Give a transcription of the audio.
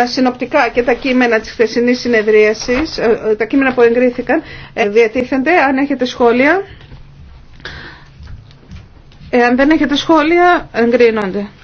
τα συνοπτικά και τα κείμενα της χθεσινής συνεδρίασης, ε, ε, τα κείμενα που εγκρίθηκαν, ε, διατίθενται. Αν έχετε σχόλια, εάν δεν έχετε σχόλια, εγκρίνονται.